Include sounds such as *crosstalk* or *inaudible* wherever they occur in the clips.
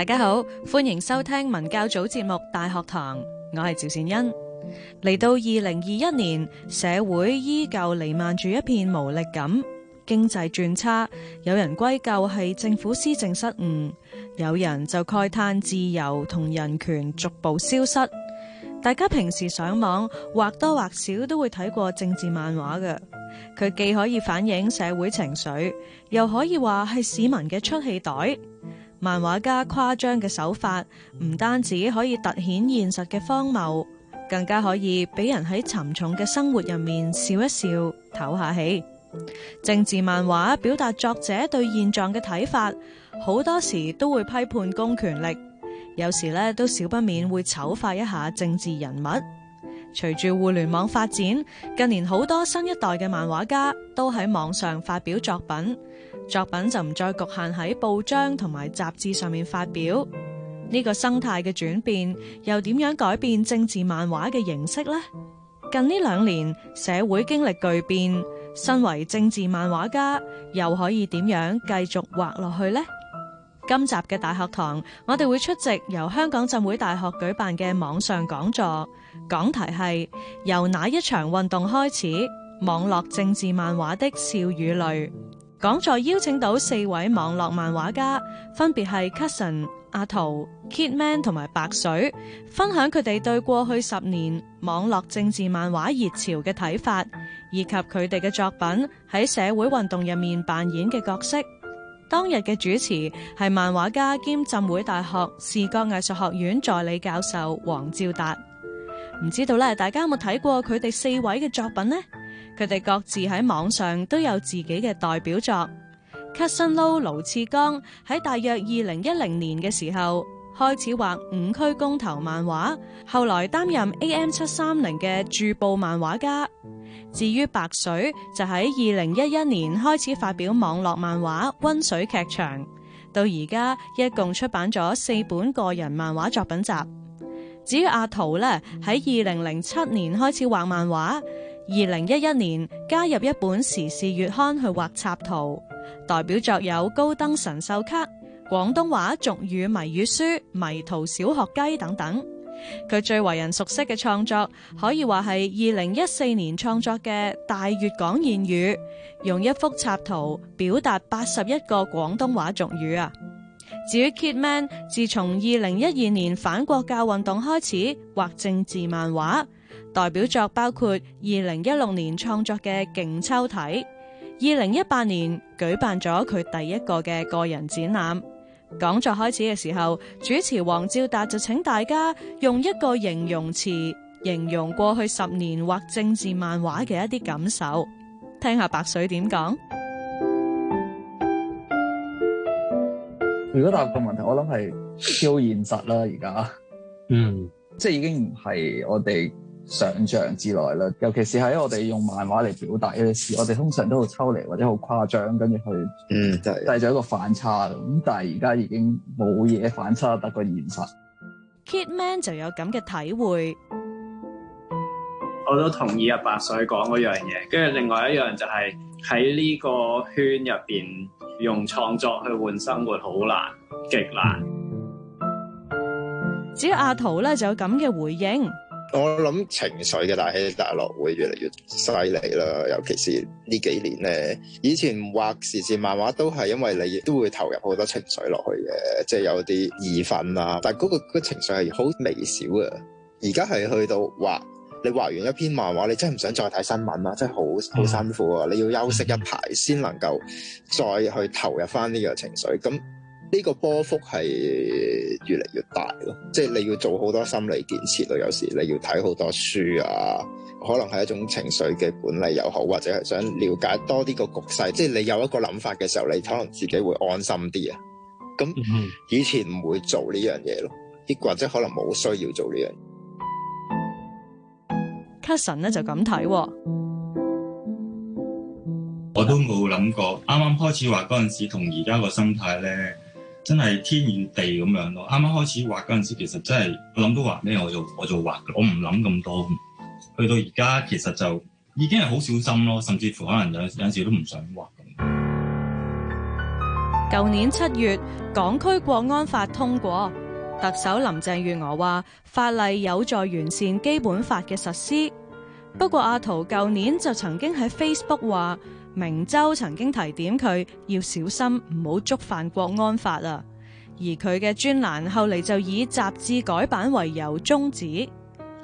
大家好，歡迎收聽文教組節目《大學堂》，我係趙善恩。嚟到二零二一年，社會依舊彌漫住一片無力感，經濟轉差，有人歸咎係政府施政失誤，有人就慨嘆自由同人權逐步消失。大家平時上網或多或少都會睇過政治漫畫嘅，佢既可以反映社會情緒，又可以話係市民嘅出氣袋。漫畫家誇張嘅手法唔單止可以突顯現實嘅荒謬，更加可以俾人喺沉重嘅生活入面笑一笑，唞下氣。政治漫畫表達作者對現狀嘅睇法，好多時都會批判公權力，有時咧都少不免會醜化一下政治人物。隨住互聯網發展，近年好多新一代嘅漫畫家都喺網上發表作品。作品就唔再局限喺報章同埋雜誌上面發表呢個生態嘅轉變，又點樣改變政治漫畫嘅形式咧？近呢兩年社會經歷巨變，身為政治漫畫家又可以點樣繼續畫落去咧？今集嘅大學堂，我哋會出席由香港浸會大學舉辦嘅網上講座，講題係由哪一場運動開始網絡政治漫畫的笑與淚。講座邀請到四位網絡漫畫家，分別係 Cuson、阿塗、Kitman 同埋白水，分享佢哋對過去十年網絡政治漫畫熱潮嘅睇法，以及佢哋嘅作品喺社會運動入面扮演嘅角色。當日嘅主持係漫畫家兼浸會大學視覺藝術學院助理教授黃照達。唔知道咧，大家有冇睇過佢哋四位嘅作品呢？佢哋各自喺網上都有自己嘅代表作。Cuson Lo 盧次剛喺大約二零一零年嘅時候開始畫五區公投漫畫，後來擔任 AM730 嘅駐報漫畫家。至於白水就喺二零一一年開始發表網絡漫畫《溫水劇場》到，到而家一共出版咗四本個人漫畫作品集。至於阿塗呢，喺二零零七年開始畫漫畫。二零一一年加入一本時事月刊去畫插圖，代表作有高登神獸卡、廣東話俗語謎語書、迷途小學雞等等。佢最為人熟悉嘅創作，可以話係二零一四年創作嘅《大粵港諺語》，用一幅插圖表達八十一個廣東話俗語啊。至於 Kitman 自從二零一二年反國教運動開始畫政治漫畫。代表作包括二零一六年創作嘅《勁揪體》，二零一八年舉辦咗佢第一個嘅個人展覽。講座開始嘅時候，主持黃照達就請大家用一個形容詞形容過去十年或政治漫畫嘅一啲感受。聽下白水點講？如果答個問題，我諗係超現實啦，而家，嗯，即係已經唔係我哋。想象之內啦，尤其是喺我哋用漫畫嚟表達呢啲事，我哋通常都好抽離或者好誇張，跟住去製造、嗯就係、一個反差。咁但係而家已經冇嘢反差，得個現實。Kitman 就有咁嘅體會，我都同意阿白水講嗰樣嘢。跟住另外一樣就係喺呢個圈入邊用創作去換生活好難，極難。至於阿塗咧就有咁嘅回應。我諗情緒嘅大起大落會越嚟越犀利啦，尤其是呢幾年咧。以前畫時事漫畫都係因為你都會投入好多情緒落去嘅，即係有啲義憤啦。但係、嗰、嗰個、嗰個情緒係好微小嘅。而家係去到畫你畫完一篇漫畫，你真係唔想再睇新聞啦、啊，真係好好辛苦啊！你要休息一排先能夠再去投入翻呢個情緒咁。呢個波幅係越嚟越大咯，即係你要做好多心理建設咯。有時你要睇好多書啊，可能係一種情緒嘅管理又好，或者係想了解多啲個局勢。即係你有一個諗法嘅時候，你可能自己會安心啲啊。咁以前唔會做呢樣嘢咯，亦或者可能冇需要做呢樣嘢。Cuson 咧就咁睇，我都冇諗過。啱啱開始話嗰陣時同而家個心態咧。真係天與地咁樣咯！啱啱開始畫嗰陣時，其實真係我諗都畫咩，我就我就畫，我唔諗咁多。去到而家，其實就已經係好小心咯，甚至乎可能有有陣時都唔想畫。舊年七月，港區國安法通過，特首林鄭月娥話法例有助完善基本法嘅實施。不過阿塗舊年就曾經喺 Facebook 話。明州曾經提點佢要小心，唔好觸犯國安法啦。而佢嘅專欄後嚟就以雜誌改版為由終止。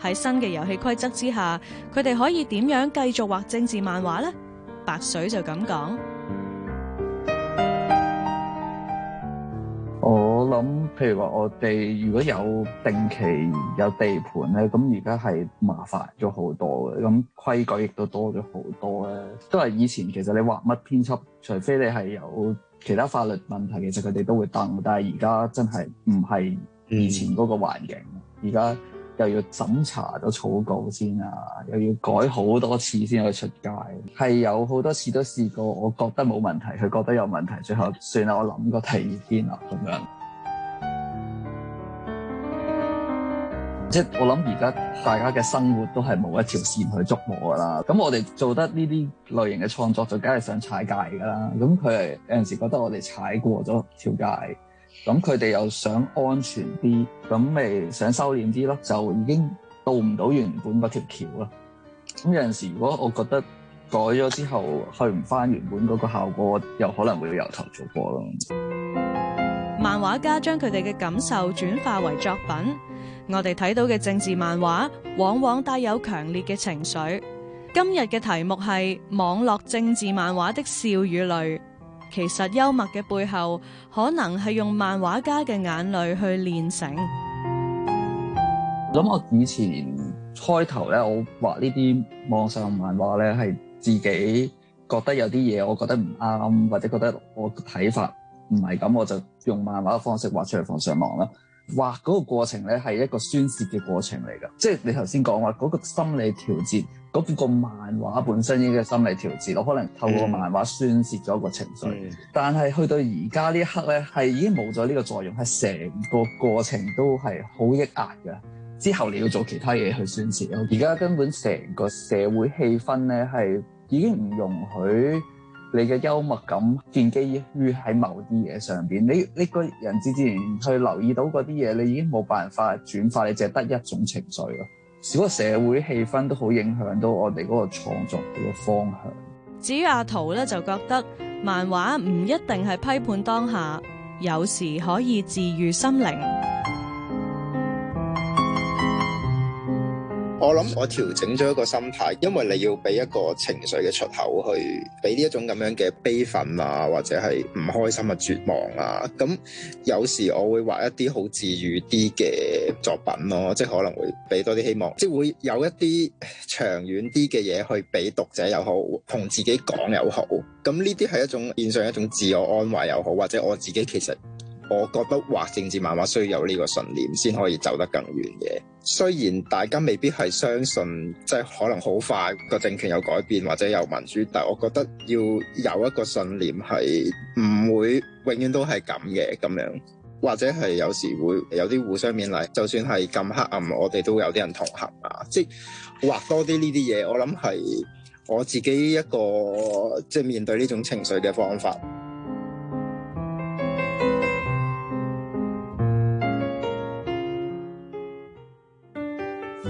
喺新嘅遊戲規則之下，佢哋可以點樣繼續畫政治漫畫呢？白水就咁講。咁，譬如話我哋如果有定期有地盤咧，咁而家係麻煩咗好多嘅，咁規矩亦都多咗好多咧。都係以前，其實你畫乜編輯，除非你係有其他法律問題，其實佢哋都會登。但係而家真係唔係以前嗰個環境，而家、嗯、又要審查咗草稿先啊，又要改好多次先可以出街。係有好多次都試過，我覺得冇問題，佢覺得有問題，最後算啦，我諗個提議先啦，咁樣。即係我諗而家大家嘅生活都係冇一條綫去捉摸噶啦，咁我哋做得呢啲類型嘅創作就梗係想踩界噶啦，咁佢哋有陣時覺得我哋踩過咗條界，咁佢哋又想安全啲，咁咪想收斂啲咯，就已經到唔到原本嗰條橋咯。咁有陣時如果我覺得改咗之後去唔翻原本嗰個效果，又可能會由頭做過咯。漫畫家將佢哋嘅感受轉化為作品。我哋睇到嘅政治漫畫往往帶有強烈嘅情緒。今日嘅題目係網絡政治漫畫的笑與淚。其實幽默嘅背後，可能係用漫畫家嘅眼淚去煉成。咁我以前開頭咧，我畫呢啲網上漫畫咧，係自己覺得有啲嘢，我覺得唔啱，或者覺得我嘅睇法唔係咁，我就用漫畫嘅方式畫出嚟，放上網啦。畫嗰個過程咧係一個宣泄嘅過程嚟噶即係你頭先講話嗰個心理調節嗰個漫畫本身已經係心理調節，我可能透過漫畫宣泄咗個情緒。嗯、但係去到而家呢一刻咧，係已經冇咗呢個作用，係成個過程都係好抑壓噶之後你要做其他嘢去宣泄，而家根本成個社會氣氛咧係已經唔容許。你嘅幽默感，建基於喺某啲嘢上邊，你呢個人自然去留意到嗰啲嘢，你已經冇辦法轉化，你淨係得一種情緒咯。少個社會氣氛都好影響到我哋嗰個創作嘅方向。至於阿塗咧，就覺得漫畫唔一定係批判當下，有時可以治愈心靈。我諗我調整咗一個心態，因為你要俾一個情緒嘅出口去，俾呢一種咁樣嘅悲憤啊，或者係唔開心嘅絕望啊。咁有時我會畫一啲好治愈啲嘅作品咯，即係可能會俾多啲希望，即係會有一啲長遠啲嘅嘢去俾讀者又好，同自己講又好。咁呢啲係一種變上一種自我安慰又好，或者我自己其實。我覺得畫政治漫畫需要有呢個信念，先可以走得更遠嘅。雖然大家未必係相信，即係可能好快個政權有改變或者有民主，但係我覺得要有一個信念係唔會永遠都係咁嘅咁樣，或者係有時會有啲互相勉勵，就算係咁黑暗，我哋都會有啲人同行啊。即係畫多啲呢啲嘢，我諗係我自己一個即係面對呢種情緒嘅方法。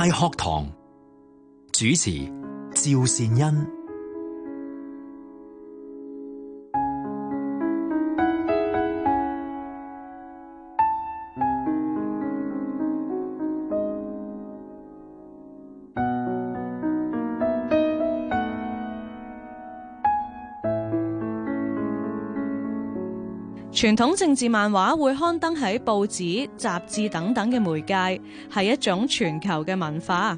大學堂主持：趙善恩。傳統政治漫畫會刊登喺報紙、雜誌等等嘅媒介，係一種全球嘅文化。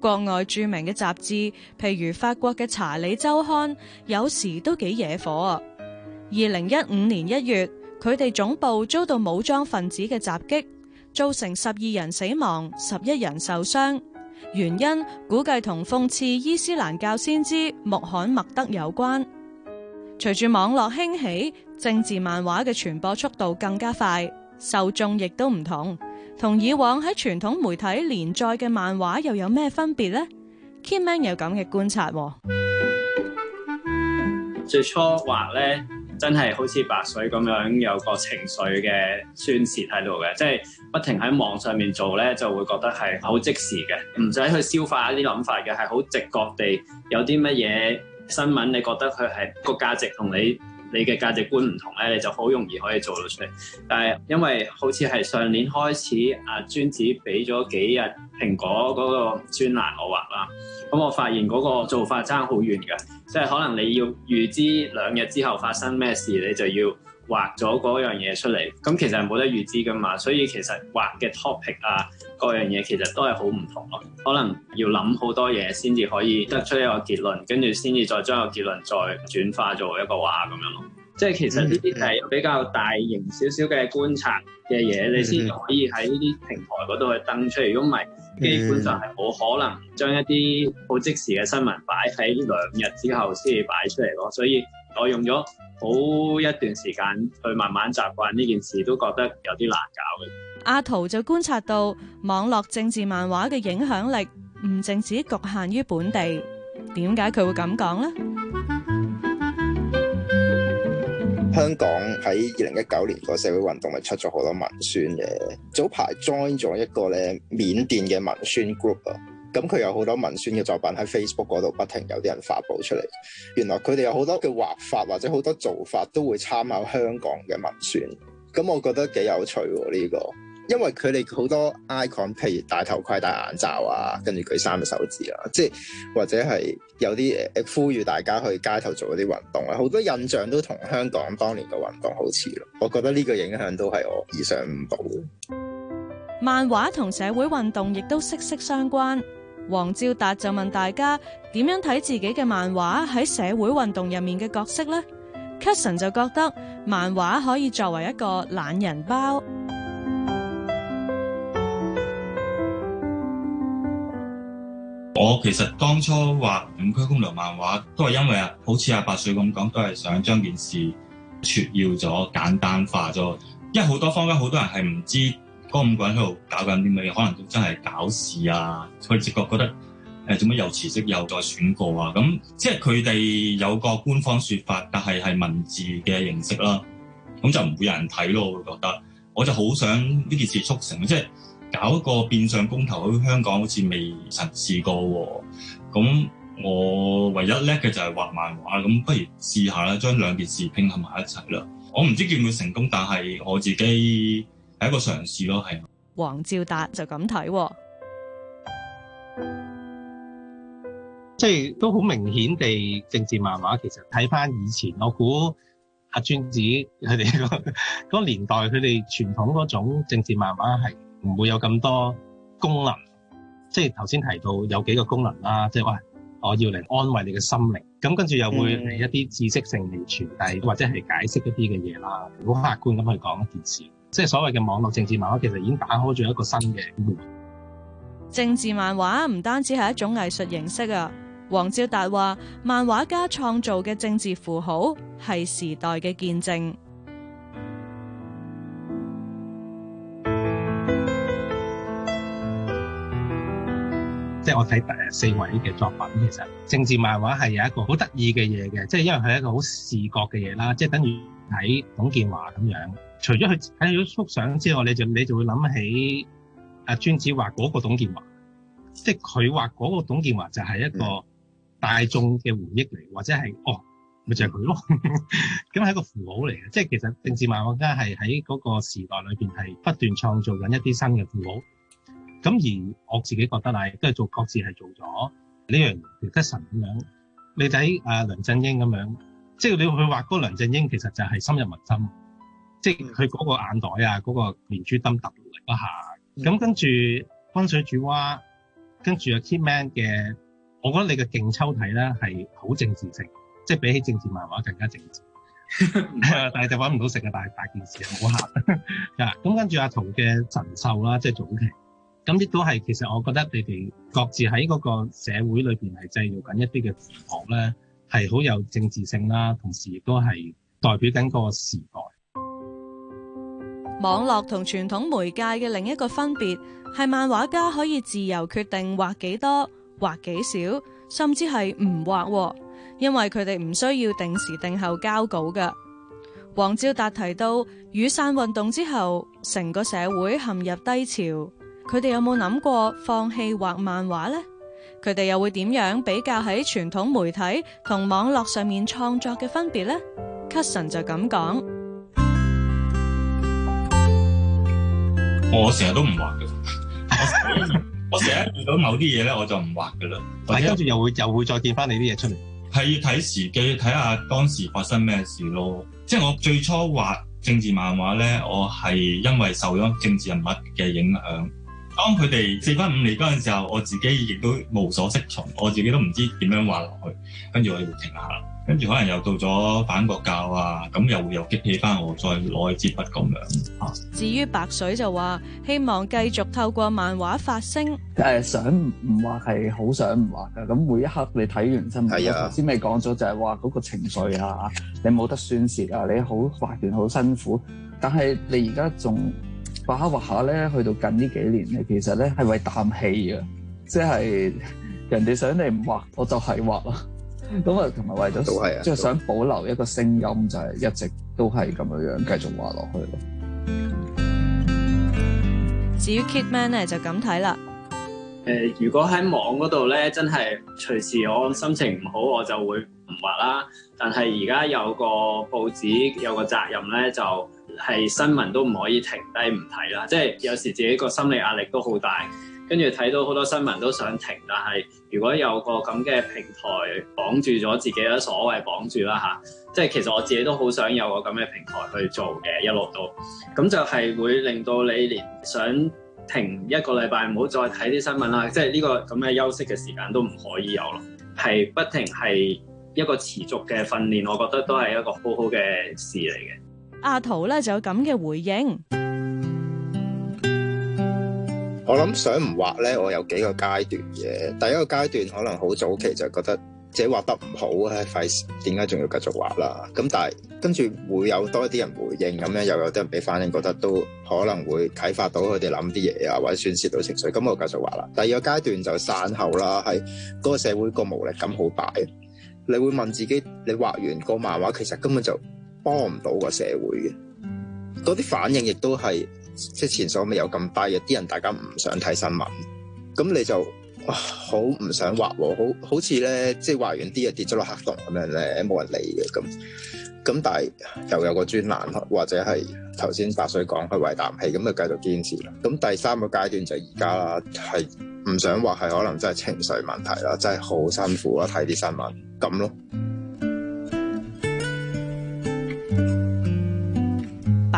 國外著名嘅雜誌，譬如法國嘅《查理周刊》，有時都幾惹火。二零一五年一月，佢哋總部遭到武裝分子嘅襲擊，造成十二人死亡、十一人受傷，原因估計同諷刺伊斯蘭教先知穆罕默德有關。隨住網絡興起，政治漫畫嘅傳播速度更加快，受眾亦都唔同，同以往喺傳統媒體連載嘅漫畫又有咩分別呢？Kitman 有咁嘅觀察。最初畫咧，真係好似白水咁樣，有個情緒嘅宣洩喺度嘅，即係不停喺網上面做咧，就會覺得係好即時嘅，唔使去消化一啲諗法嘅，係好直覺地有啲乜嘢。新聞你覺得佢係個價值同你你嘅價值觀唔同咧，你就好容易可以做到出嚟。但係因為好似係上年開始，阿、啊、專子俾咗幾日蘋果嗰個專欄我畫啦，咁我發現嗰個做法爭好遠嘅，即係可能你要預知兩日之後發生咩事，你就要。畫咗嗰樣嘢出嚟，咁其實係冇得預知㗎嘛，所以其實畫嘅 topic 啊，各樣嘢其實都係好唔同咯。可能要諗好多嘢先至可以得出一個結論，跟住先至再將個結論再轉化做一個畫咁樣咯。即係其實呢啲係比較大型少少嘅觀察嘅嘢，你先可以喺呢啲平台嗰度去登出嚟。如果唔係，基本上係冇可能將一啲好即時嘅新聞擺喺兩日之後先至擺出嚟咯。所以我用咗。好一段時間去慢慢習慣呢件事，都覺得有啲難搞嘅。阿塗就觀察到網絡政治漫畫嘅影響力唔淨止局限於本地，點解佢會咁講呢？香港喺二零一九年個社會運動咪出咗好多文宣嘅。早排 join 咗一個咧緬甸嘅文宣 group 啊。咁佢有好多文宣嘅作品喺 Facebook 度不停有啲人發布出嚟，原來佢哋有好多嘅畫法或者好多做法都會參考香港嘅文宣，咁我覺得幾有趣呢個，因為佢哋好多 icon，譬如戴頭盔、戴眼罩啊，跟住舉三隻手指啊，即係或者係有啲誒呼籲大家去街頭做一啲運動啊，好多印象都同香港當年嘅運動好似咯，我覺得呢個影響都係我意想唔到嘅。漫畫同社會運動亦都息息相關。黃照達就問大家點樣睇自己嘅漫畫喺社會運動入面嘅角色呢？Cuson 就覺得漫畫可以作為一個懶人包。我其實當初畫五區公牛漫畫，都係因為啊，好似阿白水咁講，都係想將件事撮要咗，簡單化咗，因為好多坊間好多人係唔知。嗰五個人喺度搞緊啲咩？可能真係搞事啊！佢直覺覺得誒做乜又辭職又再選過啊！咁即係佢哋有個官方説法，但係係文字嘅形式啦，咁就唔會有人睇咯。我會覺得我就好想呢件事促成，即係搞一個變相公投。香港好似未曾試過喎、啊。咁我唯一叻嘅就係畫漫畫，咁不如試下啦，將兩件事拼合埋一齊啦。我唔知會唔會成功，但係我自己。係一個嘗試咯、啊，係黃照達就咁睇、啊，即係都好明顯地。政治漫畫其實睇返以前，我估阿尊子佢哋嗰個年代，佢哋傳統嗰種政治漫畫係唔會有咁多功能。即係頭先提到有幾個功能啦，即係話我要嚟安慰你嘅心靈，咁跟住又會係一啲知識性嚟傳遞，嗯、或者係解釋一啲嘅嘢啦。好客觀咁去講一件事。即係所謂嘅網絡政治漫畫，其實已經打開咗一個新嘅門。政治漫畫唔單止係一種藝術形式啊，黃照達話，漫畫家創造嘅政治符號係時代嘅見證。即係我睇第四位嘅作品，其實政治漫畫係有一個好得意嘅嘢嘅，即係因為係一個好視覺嘅嘢啦，即係等於睇董建華咁樣。除咗佢睇咗幅相之外，你就你就會諗起阿、啊、尊子畫嗰個董建華，即係佢畫嗰個董建華就係一個大眾嘅回憶嚟，或者係哦，咪就係、是、佢咯。咁 *laughs* 係一個符號嚟嘅，即係其實政治漫畫家係喺嗰個時代裏邊係不斷創造緊一啲新嘅符號。咁而我自己覺得啦，都係做各自係做咗呢樣傑臣咁樣，你睇阿、啊、梁振英咁樣，即係你去畫嗰個梁振英，其實就係深入民心。即係佢嗰個眼袋啊，嗰、那個連珠燈突落嚟一下，咁跟住《溫水煮蛙》，跟住阿 Kitman 嘅，我覺得你嘅勁抽體咧係好政治性，即係比起政治漫畫更加政治。 *laughs* *laughs* 但係就揾唔到食啊！但係大件事啊，唔好嚇。咁 *laughs* *laughs* 跟住阿塗嘅《神獸》啦，即係早期，咁亦都係其實我覺得你哋各自喺嗰個社會裏邊係製造緊一啲嘅圖像咧，係好有政治性啦，同時亦都係代表緊個時代。網絡同傳統媒介嘅另一個分別係漫畫家可以自由決定畫幾多、畫幾少，甚至係唔畫，因為佢哋唔需要定時定候交稿嘅。黃照達提到雨傘運動之後，成個社會陷入低潮，佢哋有冇諗過放棄畫漫畫呢？佢哋又會點樣比較喺傳統媒體同網絡上面創作嘅分別呢？Cuson 就咁講。我成日都唔畫嘅，我成日遇到某啲嘢咧，我就唔畫嘅啦。係跟住又會又會再見翻你啲嘢出嚟，係要睇時機，要睇下當時發生咩事咯。即係我最初畫政治漫畫咧，我係因為受咗政治人物嘅影響，當佢哋四分五裂嗰陣時候，我自己亦都無所適從，我自己都唔知點樣畫落去，跟住我就會停下啦。跟住可能又到咗反國教啊，咁又會又激起翻我再攞一支筆咁樣啊。至於白水就話希望繼續透過漫畫發聲，誒、呃、想唔畫係好想唔畫噶。咁每一刻你睇完真新聞，頭先咪講咗就係話嗰個情緒啊，你冇得宣泄啊，你好畫完好辛苦。但係你而家仲畫下畫下咧，去到近呢幾年咧，其實咧係為啖氣啊，即、就、係、是、人哋想你唔畫，我就係畫啦。咁啊，同埋為咗都係呀，即係想保留一個聲音，就係一直都係咁樣樣繼續畫落去咯。至於 Kitman 咧，就咁睇啦。誒，如果喺網嗰度咧，真係隨時我心情唔好，我就會唔畫啦。但係而家有個報紙，有個責任咧，就係新聞都唔可以停低唔睇啦。即係有時自己個心理壓力都好大。跟住睇到好多新聞都想停，但係如果有個咁嘅平台綁住咗自己咧，所謂綁住啦吓，即係其實我自己都好想有個咁嘅平台去做嘅一路都，咁就係會令到你連想停一個禮拜唔好再睇啲新聞啦，即係呢個咁嘅休息嘅時間都唔可以有咯，係不停係一個持續嘅訓練，我覺得都係一個好好嘅事嚟嘅。阿塗咧就有咁嘅回應。我諗想唔畫呢，我有幾個階段嘅。第一個階段可能好早期就覺得自己畫得唔好啊，費事點解仲要繼續畫啦？咁但係跟住會有多啲人回應，咁樣又有啲人俾反應，覺得都可能會啟發到佢哋諗啲嘢啊，或者宣洩到情緒，咁我繼續畫啦。第二個階段就散後啦，係嗰個社會個無力感好大，你會問自己，你畫完個漫畫其實根本就幫唔到個社會嘅，嗰啲反應亦都係。即係前所未有咁低嘅，啲人大家唔想睇新聞，咁你就好唔想畫，好好似咧即係畫完啲嘢跌咗落黑洞咁樣咧，冇人理嘅咁。咁但係又有個專欄或者係頭先白水講係為啖氣，咁就繼續堅持啦。咁第三個階段就而家係唔想畫，係可能真係情緒問題啦，真係好辛苦啊，睇啲新聞咁咯。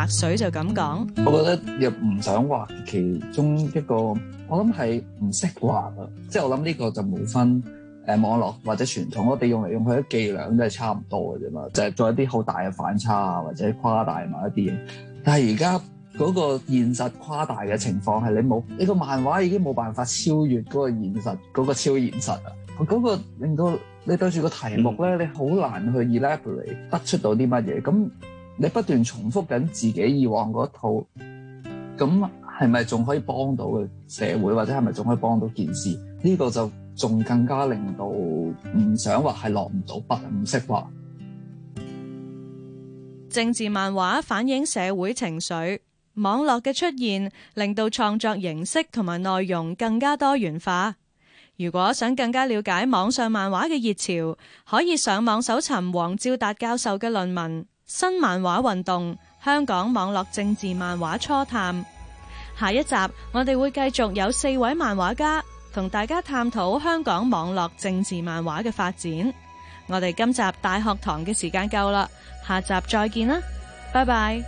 水就咁講，我覺得又唔想畫其中一個，我諗係唔識畫啦。即係我諗呢個就冇分誒網絡或者傳統，我哋用嚟用去嘅伎倆都係差唔多嘅啫嘛，就係、是、做一啲好大嘅反差啊，或者誇大某一啲嘢。但係而家嗰個現實誇大嘅情況係你冇，你個漫畫已經冇辦法超越嗰個現實嗰、那個超現實啊！嗰、那個令到你對住個題目咧，你好難去 elaborate 得出到啲乜嘢咁。你不斷重複緊自己以往嗰套，咁係咪仲可以幫到嘅社會，或者係咪仲可以幫到件事？呢、這個就仲更加令到唔想話係落唔到筆，唔識畫政治漫畫反映社會情緒。網絡嘅出現令到創作形式同埋內容更加多元化。如果想更加了解網上漫畫嘅熱潮，可以上網搜尋黃照達教授嘅論文。新漫畫運動，香港網絡政治漫畫初探。下一集，我哋會繼續有四位漫畫家同大家探討香港網絡政治漫畫嘅發展。我哋今集大學堂嘅時間夠啦，下集再見啦，拜拜。